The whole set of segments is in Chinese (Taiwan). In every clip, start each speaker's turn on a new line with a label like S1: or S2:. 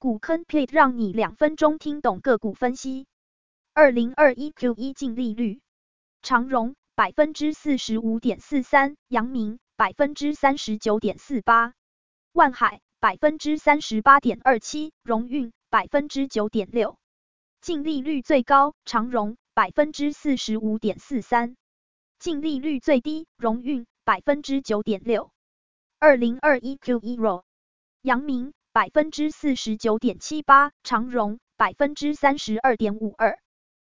S1: 股坑 p l a e 讓你兩分鐘聽懂個股分析。2021Q1 淨利率，長榮百分之四十五點四三，陽明百分之三十九點四八，萬海百分之三十八點二七，榮運百分之九點六。淨利率最高長榮百分之四十五點四三，淨利率最低榮運百分之九點六。2021Q1 羅，陽明。百分之四十九點七八，長榮百分之三十二點五二，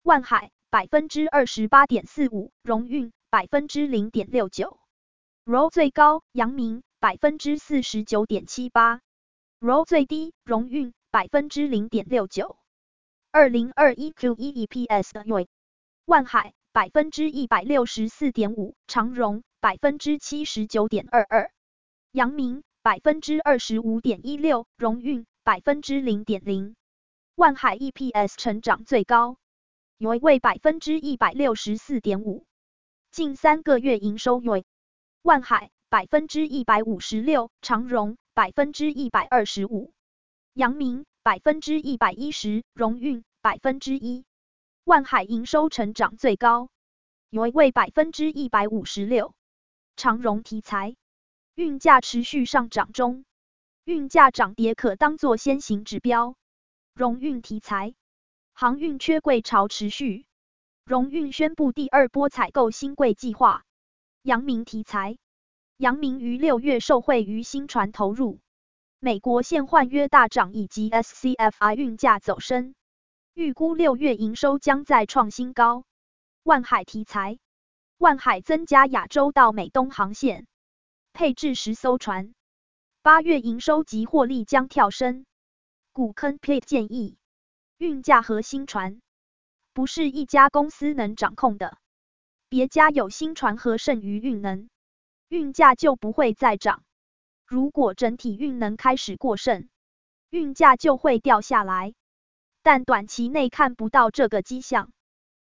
S1: 萬海百分之二十八點四五，榮運百分之零點六九。ROE 最高，陽明百分之四十九點七八。ROE 最低，榮運百分之零點六九。二零二一 Q 一 EPS 的 YoY 萬海百分之一百六十四點五，長榮百分之七十九點二二，陽明。百分之二十五點一六，榮運百分之零點零，萬海 EPS 成長最高，約為百分之一百六十四點五。近三個月營收月，萬海百分之一百五十六，長榮百分之一百二十五，陽明百分之一百一十，榮運百分之一。萬海營收成長最高，約為百分之一百五十六，長榮題材。運價持續上漲中，運價漲跌可當作先行指標。榮運題材，航運缺櫃潮持續，榮運宣布第二波採購新櫃計劃。陽明題材，陽明於六月受惠於新船投入，美國現換約大漲以及 SCFI 運價走升，預估六月營收將再創新高。萬海題材，萬海增加亞洲到美東航線。配置十艘船，八月營收及獲利將跳升。股坑 pit 建議，運價和新船，不是一家公司能掌控的。別家有新船和剩餘運能，運價就不會再漲。如果整體運能開始過剩，運價就會掉下來，但短期內看不到這個跡象。